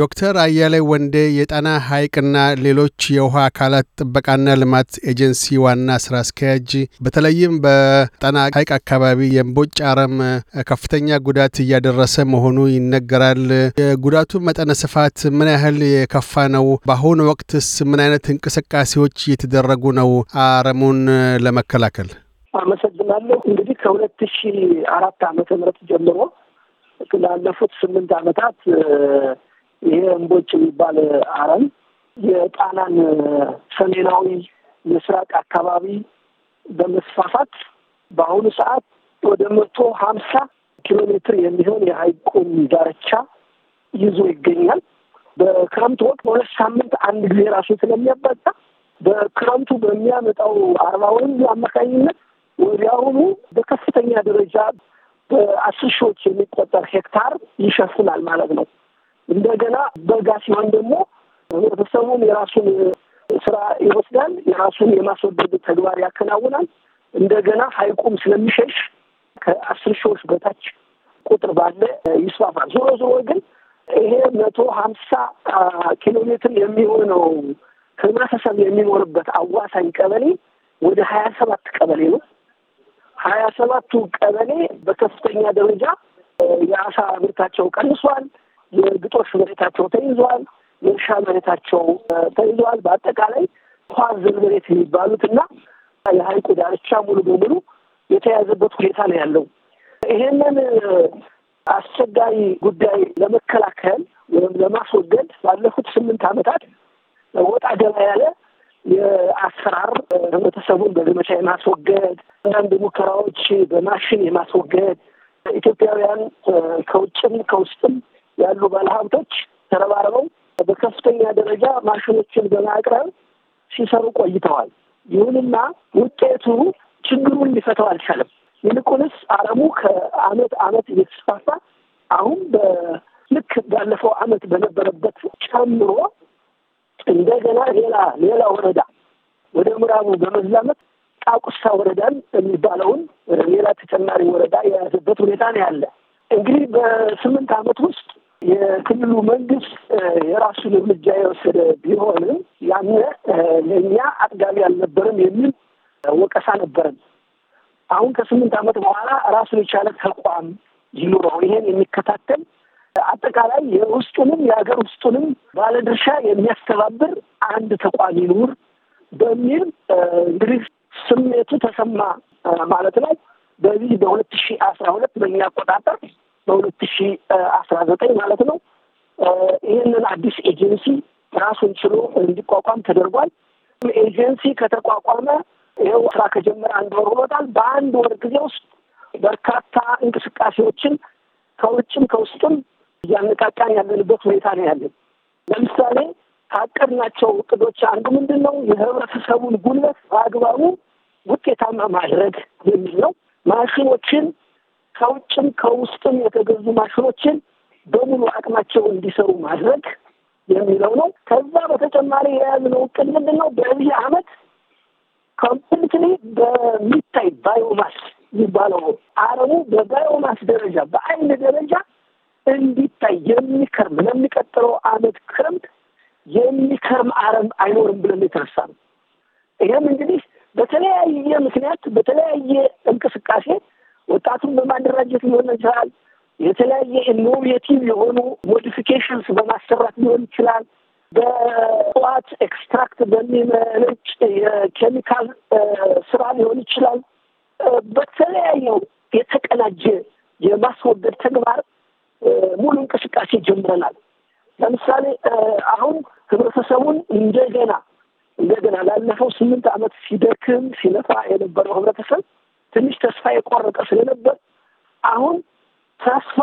ዶክተር አያሌ ወንዴ የጣና ሐይቅና ሌሎች የውሃ አካላት ጥበቃና ልማት ኤጀንሲ ዋና ስራ አስኪያጅ፣ በተለይም በጣና ሐይቅ አካባቢ የእምቦጭ አረም ከፍተኛ ጉዳት እያደረሰ መሆኑ ይነገራል። የጉዳቱ መጠነ ስፋት ምን ያህል የከፋ ነው? በአሁኑ ወቅትስ ምን አይነት እንቅስቃሴዎች እየተደረጉ ነው አረሙን ለመከላከል? አመሰግናለሁ። እንግዲህ ከሁለት ሺ አራት ዓመተ ምህረት ጀምሮ ላለፉት ስምንት ዓመታት ይሄ እምቦጭ የሚባል አረም የጣናን ሰሜናዊ ምስራቅ አካባቢ በመስፋፋት በአሁኑ ሰዓት ወደ መቶ ሀምሳ ኪሎ ሜትር የሚሆን የሀይቁን ዳርቻ ይዞ ይገኛል። በክረምቱ ወቅት በሁለት ሳምንት አንድ ጊዜ ራሱ ስለሚያበጣ በክረምቱ በሚያመጣው አርባ ወንዝ አማካኝነት ወዲያውኑ በከፍተኛ ደረጃ በአስር ሺዎች የሚቆጠር ሄክታር ይሸፍናል ማለት ነው። እንደገና በጋ ሲሆን ደግሞ ህብረተሰቡም የራሱን ስራ ይወስዳል፣ የራሱን የማስወደድ ተግባር ያከናውናል። እንደገና ሀይቁም ስለሚሸሽ ከአስር ሺዎች በታች ቁጥር ባለ ይስፋፋል። ዞሮ ዞሮ ግን ይሄ መቶ ሀምሳ ኪሎ ሜትር የሚሆነው ህብረተሰብ የሚኖርበት አዋሳኝ ቀበሌ ወደ ሀያ ሰባት ቀበሌ ነው። ሀያ ሰባቱ ቀበሌ በከፍተኛ ደረጃ የአሳ ምርታቸው ቀንሷል። የግጦሽ መሬታቸው ተይዟል፣ የእርሻ መሬታቸው ተይዟል። በአጠቃላይ ኳዘን መሬት የሚባሉት እና የሀይቁ ዳርቻ ሙሉ በሙሉ የተያዘበት ሁኔታ ነው ያለው። ይሄንን አስቸጋሪ ጉዳይ ለመከላከል ወይም ለማስወገድ ባለፉት ስምንት ዓመታት ወጣ ገባ ያለ የአሰራር ህብረተሰቡን በዘመቻ የማስወገድ አንዳንድ ሙከራዎች በማሽን የማስወገድ ኢትዮጵያውያን ከውጭም ከውስጥም ያሉ ባለሀብቶች ተረባርበው በከፍተኛ ደረጃ ማሽኖችን በማቅረብ ሲሰሩ ቆይተዋል። ይሁንና ውጤቱ ችግሩን ሊፈተው አልቻለም። ይልቁንስ አረሙ ከአመት አመት እየተስፋፋ አሁን በልክ ባለፈው አመት በነበረበት ጨምሮ እንደገና ሌላ ሌላ ወረዳ ወደ ምዕራቡ በመዝላመት ጣቁሳ ወረዳን የሚባለውን ሌላ ተጨማሪ ወረዳ የያዘበት ሁኔታ ነው ያለ። እንግዲህ በስምንት አመት ውስጥ የክልሉ መንግስት የራሱን እርምጃ የወሰደ ቢሆንም ያነ ለእኛ አጥጋቢ አልነበረም የሚል ወቀሳ ነበረን። አሁን ከስምንት ዓመት በኋላ ራሱን የቻለ ተቋም ይኑረው ይሄን የሚከታተል አጠቃላይ የውስጡንም የሀገር ውስጡንም ባለድርሻ የሚያስተባብር አንድ ተቋም ይኑር በሚል እንግዲህ ስሜቱ ተሰማ ማለት ነው። በዚህ በሁለት ሺህ አስራ ሁለት በእኛ አቆጣጠር በሁለት ሺ አስራ ዘጠኝ ማለት ነው። ይህንን አዲስ ኤጀንሲ ራሱን ችሎ እንዲቋቋም ተደርጓል። ኤጀንሲ ከተቋቋመ ይኸው ስራ ከጀመረ አንድ ወር ሆኖታል። በአንድ ወር ጊዜ ውስጥ በርካታ እንቅስቃሴዎችን ከውጭም ከውስጥም እያነቃቃን ያለንበት ሁኔታ ነው ያለን። ለምሳሌ ካቀድናቸው እቅዶች አንዱ ምንድን ነው? የህብረተሰቡን ጉልበት በአግባቡ ውጤታማ ማድረግ የሚል ነው። ማሽኖችን ከውጭም ከውስጥም የተገዙ ማሽኖችን በሙሉ አቅማቸው እንዲሰሩ ማድረግ የሚለው ነው። ከዛ በተጨማሪ የያዝነው እቅድ ምንድን ነው? በዚህ አመት ኮምፕሊትሊ በሚታይ ባዮማስ የሚባለው አረሙ በባዮማስ ደረጃ በአይን ደረጃ እንዲታይ የሚከርም ለሚቀጥለው አመት ክረምት የሚከርም አረም አይኖርም ብለን የተነሳ ነው። ይህም እንግዲህ በተለያየ ምክንያት በተለያየ እንቅስቃሴ ወጣቱን በማደራጀት ሊሆን ይችላል። የተለያየ ኢኖቬቲቭ የሆኑ ሞዲፊኬሽንስ በማሰራት ሊሆን ይችላል። በእጽዋት ኤክስትራክት በሚመነጭ የኬሚካል ስራ ሊሆን ይችላል። በተለያየው የተቀናጀ የማስወገድ ተግባር ሙሉ እንቅስቃሴ ጀምረናል። ለምሳሌ አሁን ህብረተሰቡን እንደገና እንደገና ላለፈው ስምንት ዓመት ሲደክም ሲለፋ የነበረው ህብረተሰብ ትንሽ ተስፋ የቆረጠ ስለነበር አሁን ተስፋ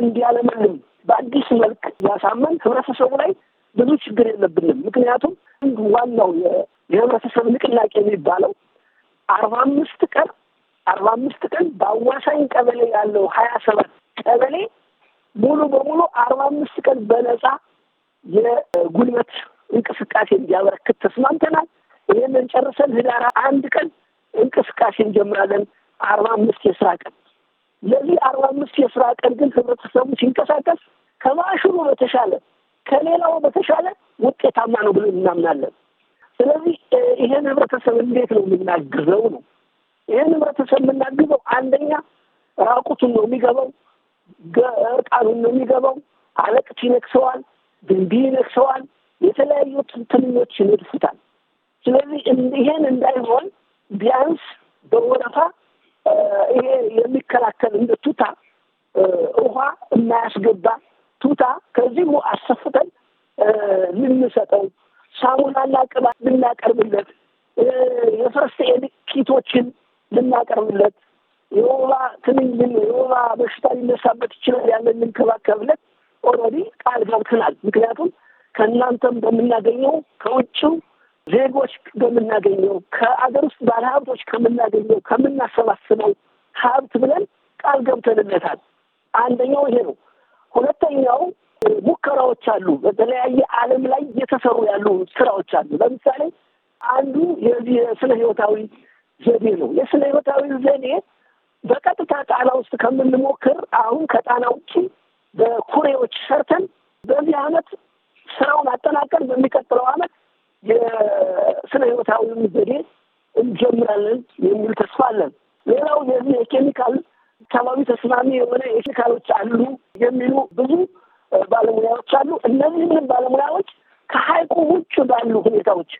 እንዲያለመልም በአዲስ መልክ ያሳመን ህብረተሰቡ ላይ ብዙ ችግር የለብንም። ምክንያቱም አንዱ ዋናው የህብረተሰብ ንቅናቄ የሚባለው አርባ አምስት ቀን አርባ አምስት ቀን በአዋሳኝ ቀበሌ ያለው ሀያ ሰባት ቀበሌ ሙሉ በሙሉ አርባ አምስት ቀን በነፃ የጉልበት እንቅስቃሴ እንዲያበረክት ተስማምተናል። ይህንን ጨርሰን ህዳር አንድ ቀን እንቅስቃሴ እንጀምራለን። አርባ አምስት የስራ ቀን ለዚህ አርባ አምስት የስራ ቀን ግን ህብረተሰቡ ሲንቀሳቀስ ከማሽኑ በተሻለ ከሌላው በተሻለ ውጤታማ ነው ብለን እናምናለን። ስለዚህ ይሄን ህብረተሰብ እንዴት ነው የምናግዘው ነው። ይሄን ህብረተሰብ የምናግዘው አንደኛ ራቁቱን ነው የሚገባው፣ እርቃኑን ነው የሚገባው። አለቅት ይነክሰዋል፣ ድንቢ ይነክሰዋል፣ የተለያዩ ትንኞች ይነድፉታል። ስለዚህ ይሄን እንዳይሆን ቢያንስ በወረፋ ይሄ የሚከላከል እንደ ቱታ ውሃ የማያስገባ ቱታ ከዚህም አሰፍተን ልንሰጠው፣ ሳሙናና ቅባት ልናቀርብለት፣ የፈርስት ኤድ ኪቶችን ልናቀርብለት፣ የወባ ትንኝ የወባ በሽታ ሊነሳበት ይችላል ያለ ልንከባከብለት ኦልሬዲ ቃል ገብተናል። ምክንያቱም ከእናንተም በምናገኘው ከውጭው ዜጎች በምናገኘው ከአገር ውስጥ ባለሀብቶች ከምናገኘው ከምናሰባስበው ሀብት ብለን ቃል ገብተንለታል። አንደኛው ይሄ ነው። ሁለተኛው ሙከራዎች አሉ። በተለያየ ዓለም ላይ እየተሰሩ ያሉ ስራዎች አሉ። ለምሳሌ አንዱ የዚህ የስነ ህይወታዊ ዘዴ ነው። የስነ ህይወታዊ ዘዴ በቀጥታ ጣና ውስጥ ከምንሞክር አሁን ከጣና ውጭ በኩሬዎች ሰርተን በዚህ አመት ስራውን አጠናቀን በሚቀጥለው አመት የስነ ህይወታዊም ዘዴ እንጀምራለን የሚል ተስፋ አለን። ሌላው የዚህ የኬሚካል አካባቢ ተስማሚ የሆነ የኬሚካሎች አሉ የሚሉ ብዙ ባለሙያዎች አሉ። እነዚህንም ባለሙያዎች ከሀይቁ ውጭ ባሉ ሁኔታዎች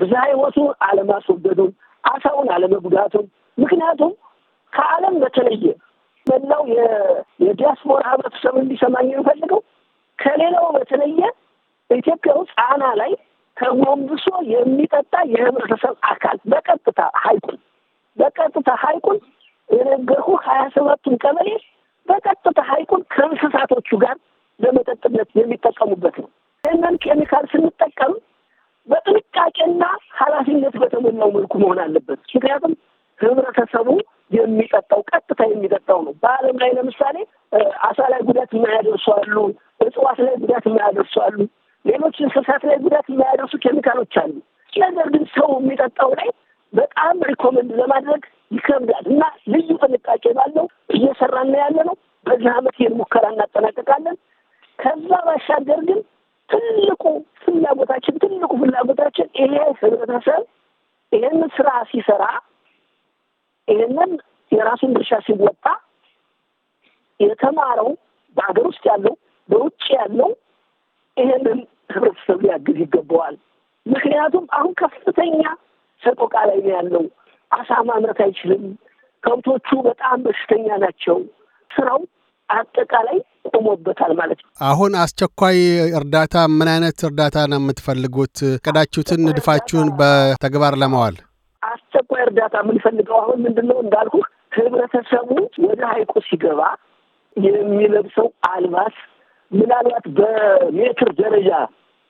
ብዝሃ ህይወቱን አለማስወገዱን፣ አሳውን አለመጉዳቱን ምክንያቱም ከዓለም በተለየ መላው የዲያስፖራ ህብረተሰብ እንዲሰማኝ የሚፈልገው ከሌላው በተለየ ኢትዮጵያ ውስጥ አና ላይ ተጎንብሶ የሚጠጣ የህብረተሰብ አካል በቀጥታ ሀይቁን በቀጥታ ሀይቁን የነገርኩ ሀያ ሰባቱን ቀበሌ በቀጥታ ሀይቁን ከእንስሳቶቹ ጋር ለመጠጥነት የሚጠቀሙበት ነው። ይህንን ኬሚካል ስንጠቀም በጥንቃቄና ኃላፊነት በተሞላው መልኩ መሆን አለበት። ምክንያቱም ህብረተሰቡ የሚጠጣው ቀጥታ የሚጠጣው ነው። በዓለም ላይ ለምሳሌ አሳ ላይ ጉዳት የማያደርሱ አሉ፣ እጽዋት ላይ ጉዳት የማያደርሱ አሉ። ሌሎች እንስሳት ላይ ጉዳት የማያደርሱ ኬሚካሎች አሉ። ነገር ግን ሰው የሚጠጣው ላይ በጣም ሪኮመንድ ለማድረግ ይከብዳል እና ልዩ ጥንቃቄ ባለው እየሰራን ያለ ነው። በዚህ ዓመት ይህን ሙከራ እናጠናቀቃለን። ከዛ ባሻገር ግን ትልቁ ፍላጎታችን ትልቁ ፍላጎታችን ይሄ ህብረተሰብ ይህንን ስራ ሲሰራ ይህንን የራሱን ድርሻ ሲወጣ የተማረው በሀገር ውስጥ ያለው በውጭ ያለው ይሄንን ህብረተሰብ ሊያግዝ ይገባዋል። ምክንያቱም አሁን ከፍተኛ ሰቆቃ ላይ ነው ያለው። አሳ ማምረት አይችልም። ከብቶቹ በጣም በሽተኛ ናቸው። ስራው አጠቃላይ ቆሞበታል ማለት ነው። አሁን አስቸኳይ እርዳታ ምን አይነት እርዳታ ነው የምትፈልጉት? ቀዳችሁትን ንድፋችሁን በተግባር ለማዋል አስቸኳይ እርዳታ የምንፈልገው አሁን ምንድን ነው እንዳልኩ ህብረተሰቡ ወደ ሀይቁ ሲገባ የሚለብሰው አልባስ ምናልባት በሜትር ደረጃ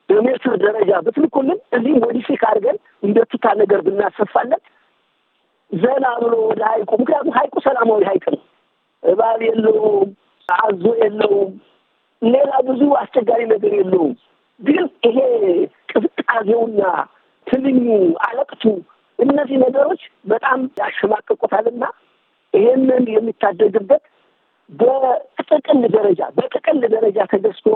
በሜትር ደረጃ ብትልኩልን እዚህም ሞዲፊክ አድርገን እንደ ቱታ ነገር ብናሰፋለን ዘና ብሎ ወደ ሀይቁ ምክንያቱም ሀይቁ ሰላማዊ ሀይቅ ነው። እባብ የለውም፣ አዞ የለውም፣ ሌላ ብዙ አስቸጋሪ ነገር የለውም። ግን ይሄ ቅዝቃዜውና ትልኙ፣ አለቅቱ እነዚህ ነገሮች በጣም ያሸማቅቁታልና ይሄንን የሚታደግበት በጥቅል ደረጃ በጥቅል ደረጃ ተገዝቶ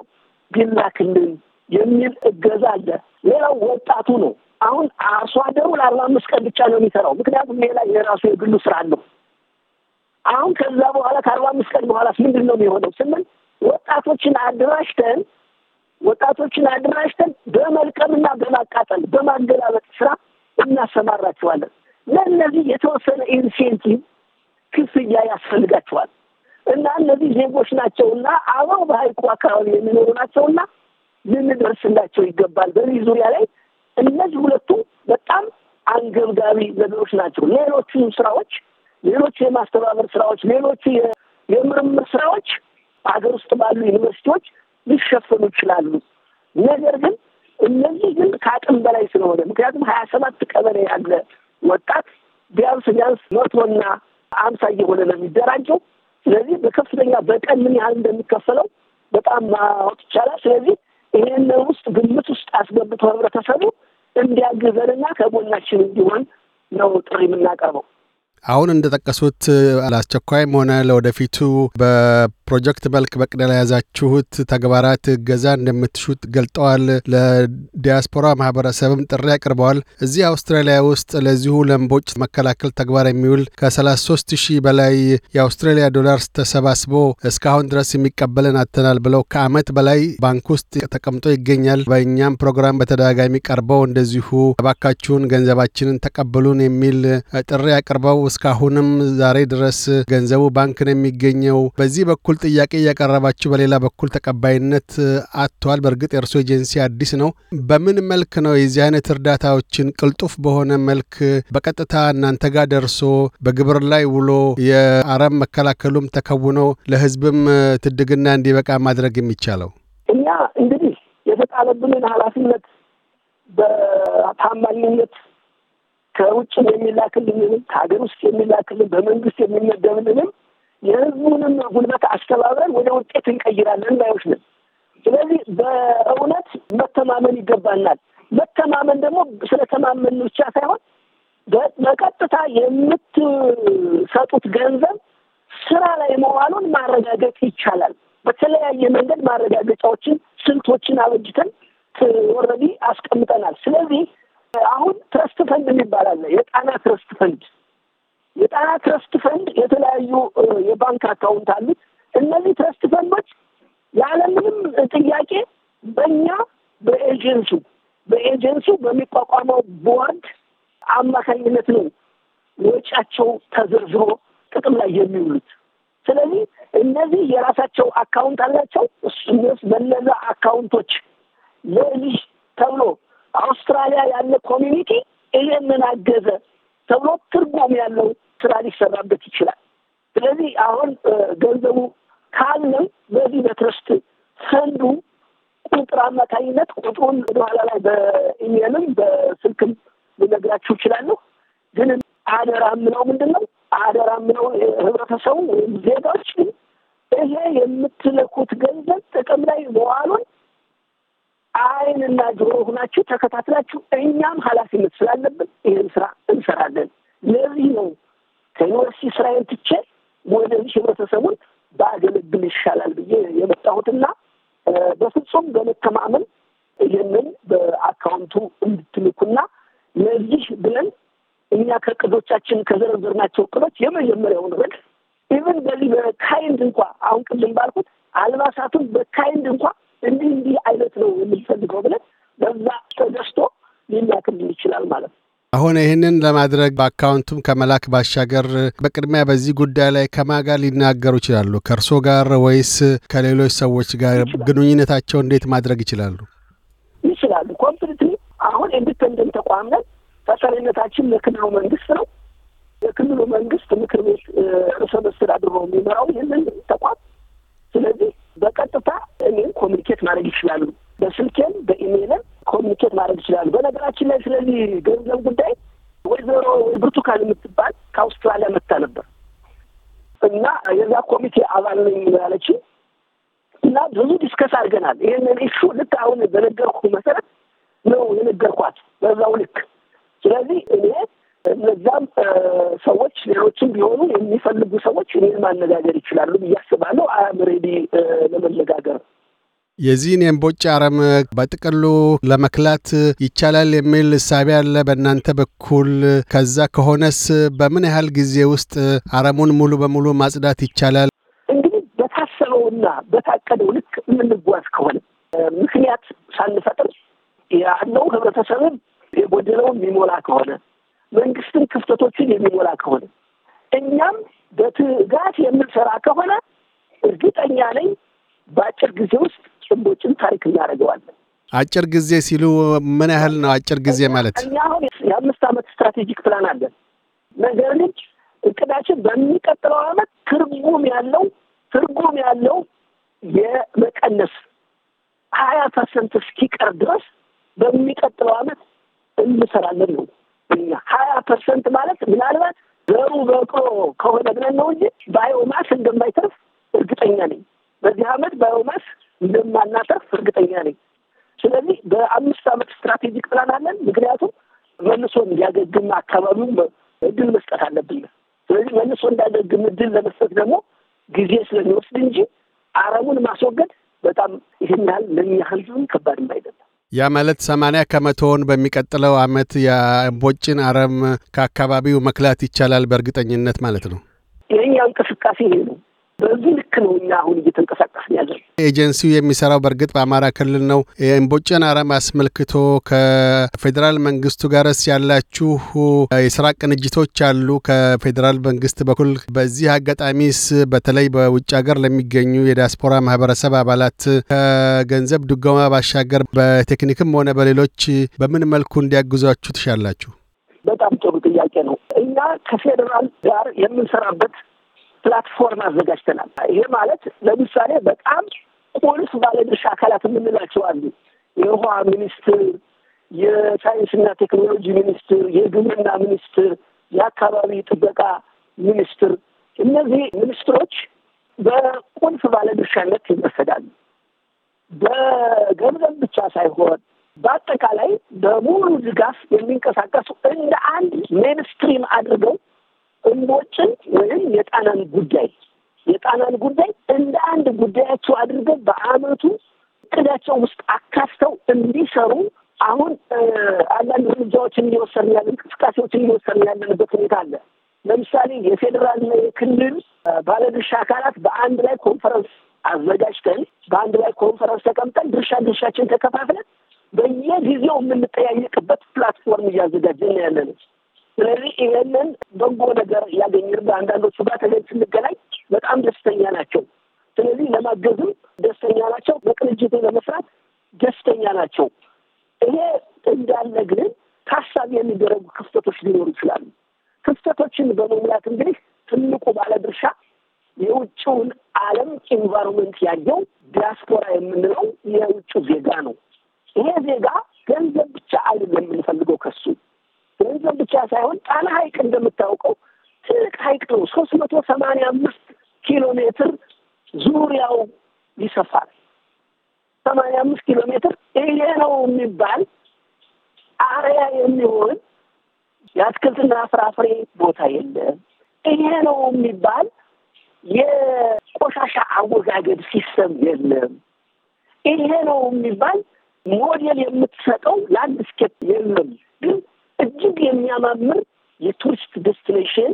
ቢላክልን የሚል እገዛ አለ። ሌላው ወጣቱ ነው። አሁን አርሶ አደሩ ለአርባ አምስት ቀን ብቻ ነው የሚሰራው፣ ምክንያቱም ሌላ የራሱ የግሉ ስራ አለው። አሁን ከዛ በኋላ ከአርባ አምስት ቀን በኋላ ምንድን ነው የሚሆነው ስንል ወጣቶችን አድራሽተን ወጣቶችን አድራሽተን በመልቀምና በማቃጠል በማገላበጥ ስራ እናሰማራቸዋለን። ለእነዚህ የተወሰነ ኢንሴንቲቭ ክፍያ ያስፈልጋቸዋል። እና እነዚህ ዜጎች ናቸውና አበው በሀይቁ አካባቢ የሚኖሩ ናቸውና ልንደርስላቸው ይገባል። በዚህ ዙሪያ ላይ እነዚህ ሁለቱ በጣም አንገብጋቢ ነገሮች ናቸው። ሌሎቹ ስራዎች፣ ሌሎቹ የማስተባበር ስራዎች፣ ሌሎቹ የምርምር ስራዎች ሀገር ውስጥ ባሉ ዩኒቨርሲቲዎች ሊሸፈኑ ይችላሉ። ነገር ግን እነዚህ ግን ከአቅም በላይ ስለሆነ ምክንያቱም ሀያ ሰባት ቀበሌ ያለ ወጣት ቢያንስ ቢያንስ መቶና አምሳ እየሆነ ነው የሚደራጀው ስለዚህ በከፍተኛ በቀን ምን ያህል እንደሚከፈለው በጣም ማወቅ ይቻላል። ስለዚህ ይህን ውስጥ ግምት ውስጥ አስገብቶ ህብረተሰቡ እንዲያግዘንና ከጎናችን እንዲሆን ነው ጥሪ የምናቀርበው። አሁን እንደጠቀሱት ለአስቸኳይም ሆነ ለወደፊቱ በ በፕሮጀክት መልክ በቅደ ያዛችሁት የያዛችሁት ተግባራት እገዛ እንደምትሹት ገልጠዋል። ለዲያስፖራ ማህበረሰብም ጥሪ አቅርበዋል። እዚህ አውስትራሊያ ውስጥ ለዚሁ ለእምቦጭ መከላከል ተግባር የሚውል ከ33 ሺህ በላይ የአውስትራሊያ ዶላርስ ተሰባስቦ እስካሁን ድረስ የሚቀበልን አተናል ብለው ከአመት በላይ ባንክ ውስጥ ተቀምጦ ይገኛል። በእኛም ፕሮግራም በተደጋጋሚ ቀርበው እንደዚሁ እባካችሁን ገንዘባችንን ተቀብሉን የሚል ጥሪ አቅርበው እስካሁንም ዛሬ ድረስ ገንዘቡ ባንክ ነው የሚገኘው። በዚህ በኩል ጥያቄ እያቀረባችሁ በሌላ በኩል ተቀባይነት አጥተዋል። በእርግጥ የእርሶ ኤጀንሲ አዲስ ነው። በምን መልክ ነው የዚህ አይነት እርዳታዎችን ቅልጡፍ በሆነ መልክ በቀጥታ እናንተ ጋር ደርሶ በግብር ላይ ውሎ የአረም መከላከሉም ተከውኖ ለህዝብም ትድግና እንዲበቃ ማድረግ የሚቻለው? እኛ እንግዲህ የተጣለብንን ኃላፊነት በታማኝነት ከውጭ የሚላክልንንም ከሀገር ውስጥ የሚላክልን በመንግስት የሚመደብልንም የህዝቡንም ጉልበት አስተባብረን ወደ ውጤት እንቀይራለን ባዮች ነን። ስለዚህ በእውነት መተማመን ይገባናል። መተማመን ደግሞ ስለተማመን ብቻ ሳይሆን በቀጥታ የምትሰጡት ገንዘብ ስራ ላይ መዋሉን ማረጋገጥ ይቻላል። በተለያየ መንገድ ማረጋገጫዎችን፣ ስልቶችን አበጅተን ወረዲ አስቀምጠናል። ስለዚህ አሁን ትረስት ፈንድ የሚባል አለ። የጣና ትረስት ፈንድ የጣና ትረስት ፈንድ የተለያዩ የባንክ አካውንት አሉት። እነዚህ ትረስት ፈንዶች ያለምንም ጥያቄ በእኛ በኤጀንሱ በኤጀንሱ በሚቋቋመው ቦርድ አማካኝነት ነው ወጪያቸው ተዘርዝሮ ጥቅም ላይ የሚውሉት። ስለዚህ እነዚህ የራሳቸው አካውንት አላቸው። እሱስ በነዛ አካውንቶች ለልጅ ተብሎ አውስትራሊያ ያለ ኮሚኒቲ ይሄንን አገዘ ተብሎ ትርጉም ያለው ስራ ሊሰራበት ይችላል። ስለዚህ አሁን ገንዘቡ ካለም በዚህ በትረስት ፈንዱ ቁጥር አማካኝነት ቁጥሩን ወደኋላ ላይ በኢሜልም በስልክም ልነግራችሁ እችላለሁ። ግን አደራ የምለው ምንድን ነው? አደራ የምለው ህብረተሰቡ ወይም ዜጋዎች ግን ይሄ የምትለኩት ገንዘብ ጥቅም ላይ መዋሉን አይን እና ጆሮ ሆናችሁ ተከታትላችሁ እኛም ኃላፊነት ስላለብን ይህን ስራ እንሰራለን። ለዚህ ነው ከዩኒቨርሲቲ ስራዬን ትቼ ወደዚህ ህብረተሰቡን በአገልግል ይሻላል ብዬ የመጣሁትና በፍጹም በመተማመን ይህንን በአካውንቱ እንድትልኩና ለዚህ ብለን እኛ ከቅዶቻችን ከዘረዘርናቸው ቅዶች የመጀመሪያውን ረድፍ ኢቨን በዚህ በካይንድ እንኳ አሁን ቅድም ባልኩት አልባሳቱን በካይንድ እንኳ እንዲህ እንዲህ አይነት ነው የሚፈልገው ብለን በዛ ተደስቶ ሊላክልን ይችላል ማለት ነው። አሁን ይህንን ለማድረግ በአካውንቱም ከመላክ ባሻገር በቅድሚያ በዚህ ጉዳይ ላይ ከማ ጋር ሊናገሩ ይችላሉ? ከእርሶ ጋር ወይስ ከሌሎች ሰዎች ጋር? ግንኙነታቸው እንዴት ማድረግ ይችላሉ? ይችላሉ። ኮምፕሊት አሁን ኢንዲፔንደንት ተቋም ነን። ተጠሪነታችን ለክልሉ መንግስት ነው። የክልሉ መንግስት ምክር ቤት ርዕሰ መስተዳድሩ ነው የሚመራው ይህንን ተቋም። ስለዚህ በቀጥታ እኔም ኮሚኒኬት ማድረግ ይችላሉ። በስልኬም በኢሜይልም ኮሚኒኬት ማድረግ ይችላሉ። በነገራችን ላይ ስለዚህ ገንዘብ ጉዳይ ወይዘሮ ብርቱካን የምትባል ከአውስትራሊያ መታ ነበር እና የዛ ኮሚቴ አባል ነኝ ያለችው እና ብዙ ዲስከስ አድርገናል። ይህንን ኢሹ ልክ አሁን በነገርኩ መሰረት ነው የነገርኳት በዛው ልክ። ስለዚህ እኔ እነዛም ሰዎች ሌሎችም ቢሆኑ የሚፈልጉ ሰዎች እኔን ማነጋገር ይችላሉ ብዬ አስባለሁ። አያም ሬዲ ለመነጋገር። የዚህን የእምቦጭ አረም በጥቅሉ ለመክላት ይቻላል የሚል እሳቤ አለ በእናንተ በኩል? ከዛ ከሆነስ በምን ያህል ጊዜ ውስጥ አረሙን ሙሉ በሙሉ ማጽዳት ይቻላል? እንግዲህ በታሰበውና በታቀደው ልክ የምንጓዝ ከሆነ ምክንያት ሳንፈጥር ያለው ህብረተሰብም የጎደለው የሚሞላ ከሆነ መንግስትም ክፍተቶችን የሚሞላ ከሆነ እኛም በትጋት የምንሰራ ከሆነ እርግጠኛ ነኝ በአጭር ጊዜ ውስጥ ጭንቦችን ታሪክ እናደርገዋለን። አጭር ጊዜ ሲሉ ምን ያህል ነው? አጭር ጊዜ ማለት እኛ አሁን የአምስት ዓመት ስትራቴጂክ ፕላን አለን። ነገር ልጅ እቅዳችን በሚቀጥለው ዓመት ትርጉም ያለው ትርጉም ያለው የመቀነስ ሀያ ፐርሰንት እስኪቀር ድረስ በሚቀጥለው ዓመት እንሰራለን ነው። ሀያ ፐርሰንት ማለት ምናልባት ዘሩ በቅሎ ከሆነ ብለን ነው እንጂ ባዮማስ እንደማይተርፍ እርግጠኛ ነኝ። በዚህ አመት ባዮማስ እንደማናተርፍ እርግጠኛ ነኝ። ስለዚህ በአምስት ዓመት ስትራቴጂክ ፕላን አለን። ምክንያቱም መልሶ እንዲያገግም አካባቢውን እድል መስጠት አለብን። ስለዚህ መልሶ እንዳያገግም እድል ለመስጠት ደግሞ ጊዜ ስለሚወስድ እንጂ አረሙን ማስወገድ በጣም ይህን ያህል ለሚያህል ህዝብም ከባድም አይደለም። ያ ማለት ሰማንያ ከመቶውን በሚቀጥለው አመት የእምቦጭን አረም ከአካባቢው መክላት ይቻላል በእርግጠኝነት ማለት ነው። የእኛ እንቅስቃሴ ይሄ ነው። በዚህ ልክ ነው እኛ አሁን እየተንቀሳቀስን ያለ። ኤጀንሲው የሚሰራው በእርግጥ በአማራ ክልል ነው። የእምቦጭን አረም አስመልክቶ ከፌዴራል መንግስቱ ጋርስ ያላችሁ የስራ ቅንጅቶች አሉ ከፌዴራል መንግስት በኩል? በዚህ አጋጣሚስ በተለይ በውጭ ሀገር ለሚገኙ የዲያስፖራ ማህበረሰብ አባላት ከገንዘብ ድጎማ ባሻገር በቴክኒክም ሆነ በሌሎች በምን መልኩ እንዲያግዟችሁ ትሻላችሁ? በጣም ጥሩ ጥያቄ ነው። እኛ ከፌዴራል ጋር የምንሰራበት ፕላትፎርም አዘጋጅተናል። ይሄ ማለት ለምሳሌ በጣም ቁልፍ ባለድርሻ አካላት የምንላቸው አሉ። የውሃ ሚኒስትር፣ የሳይንስና ቴክኖሎጂ ሚኒስትር፣ የግብርና ሚኒስትር፣ የአካባቢ ጥበቃ ሚኒስትር። እነዚህ ሚኒስትሮች በቁልፍ ባለድርሻነት ይወሰዳሉ። በገንዘብ ብቻ ሳይሆን በአጠቃላይ በሙሉ ድጋፍ የሚንቀሳቀሱ እንደ አንድ ሜንስትሪም አድርገው እምቦችን ወይም የጣናን ጉዳይ የጣናን ጉዳይ እንደ አንድ ጉዳያቸው አድርገው በአመቱ እቅዳቸው ውስጥ አካስተው እንዲሰሩ አሁን አንዳንድ እርምጃዎችን እየወሰድን ያለ እንቅስቃሴዎችን እየወሰድን ያለንበት ሁኔታ አለ። ለምሳሌ የፌዴራልና የክልል ባለድርሻ አካላት በአንድ ላይ ኮንፈረንስ አዘጋጅተን በአንድ ላይ ኮንፈረንስ ተቀምጠን ድርሻ ድርሻችን ተከፋፍለን በየጊዜው የምንጠያየቅበት ፕላትፎርም እያዘጋጀን ያለ ነው። ስለዚህ ይህንን በጎ ነገር ያገኘን በአንዳንዶቹ ጋር ተገኝ ስንገናኝ በጣም ደስተኛ ናቸው። ስለዚህ ለማገዝም ደስተኛ ናቸው። በቅንጅቱ ለመስራት ደስተኛ ናቸው። ይሄ እንዳለ ግን ታሳቢ የሚደረጉ ክፍተቶች ሊኖሩ ይችላሉ። ክፍተቶችን በመሙላት እንግዲህ ትልቁ ባለድርሻ የውጭውን ዓለም ኢንቫይሮንመንት ያየው ዲያስፖራ የምንለው የውጭ ዜጋ ነው። ይሄ ዜጋ እንደምታውቀው ትልቅ ሀይቅ ነው። ሶስት መቶ ሰማንያ አምስት ኪሎ ሜትር ዙሪያው ይሰፋል። ሰማንያ አምስት ኪሎ ሜትር ይሄ ነው የሚባል አርያ የሚሆን የአትክልትና ፍራፍሬ ቦታ የለም። ይሄ ነው የሚባል የቆሻሻ አወጋገድ ሲስተም የለም። ይሄ ነው የሚባል ሞዴል የምትሰጠው ላንድስኬፕ የለም። ግን እጅግ የሚያማምር የቱሪስት ዴስቲኔሽን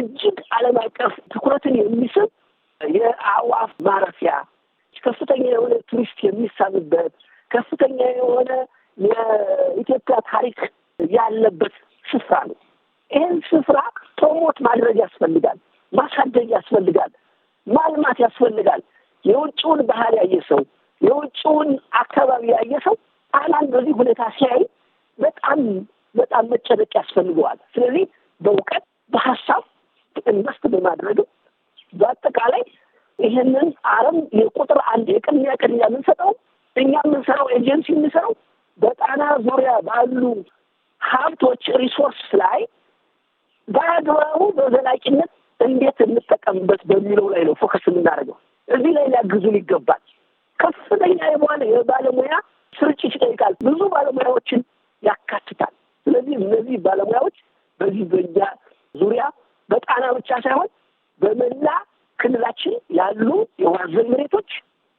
እጅግ ዓለም አቀፍ ትኩረትን የሚስብ የአዕዋፍ ማረፊያ ከፍተኛ የሆነ ቱሪስት የሚሳብበት ከፍተኛ የሆነ የኢትዮጵያ ታሪክ ያለበት ስፍራ ነው። ይህን ስፍራ ፕሮሞት ማድረግ ያስፈልጋል፣ ማሳደግ ያስፈልጋል፣ ማልማት ያስፈልጋል። የውጭውን ባህል ያየ ሰው፣ የውጭውን አካባቢ ያየ ሰው ጣናን በዚህ ሁኔታ ሲያይ በጣም በጣም መጨነቅ ያስፈልገዋል። ስለዚህ በእውቀት በሀሳብ ኢንቨስት በማድረግ በአጠቃላይ ይህንን አረም የቁጥር አንድ የቅድሚያ ቅድሚያ የምንሰጠው እኛ የምንሰራው ኤጀንሲ የምንሰራው በጣና ዙሪያ ባሉ ሀብቶች ሪሶርስ ላይ በአግባቡ በዘላቂነት እንዴት እንጠቀምበት በሚለው ላይ ነው ፎከስ የምናደርገው። እዚህ ላይ ሊያግዙን ይገባል። ከፍተኛ የሆነ የባለሙያ ስርጭት ይጠይቃል። ብዙ ባለሙያዎችን እነዚህ ባለሙያዎች በዚህ በእኛ ዙሪያ በጣና ብቻ ሳይሆን በመላ ክልላችን ያሉ የውሃ ዘመሬቶች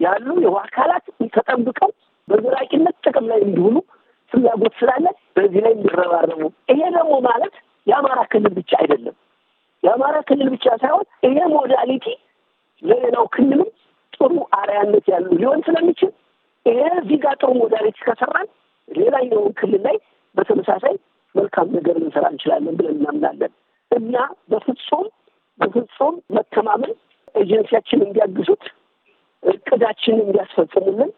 ያሉ የውሃ አካላት ተጠብቀው በዘላቂነት ጥቅም ላይ እንዲውሉ ፍላጎት ስላለን በዚህ ላይ እንዲረባረቡ። ይሄ ደግሞ ማለት የአማራ ክልል ብቻ አይደለም። የአማራ ክልል ብቻ ሳይሆን ይሄ ሞዳሊቲ ለሌላው ክልልም ጥሩ አርያነት ያሉ ሊሆን ስለሚችል ይሄ እዚህ ጋር ጥሩ ሞዳሊቲ ከሰራን ሌላኛውን ክልል ላይ በተመሳሳይ መልካም ነገር ልንሰራ እንችላለን ብለን እናምናለን እና በፍጹም በፍጹም መተማመን ኤጀንሲያችን እንዲያግዙት እቅዳችንን እንዲያስፈጽሙልን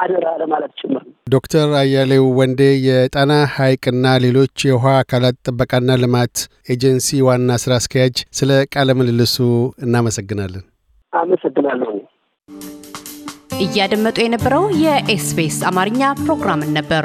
አደራ ለማለት ጭምር ነው። ዶክተር አያሌው ወንዴ የጣና ሐይቅና ሌሎች የውሃ አካላት ጥበቃና ልማት ኤጀንሲ ዋና ስራ አስኪያጅ፣ ስለ ቃለ ምልልሱ እናመሰግናለን። አመሰግናለሁ። እያደመጡ የነበረው የኤስቢኤስ አማርኛ ፕሮግራምን ነበር።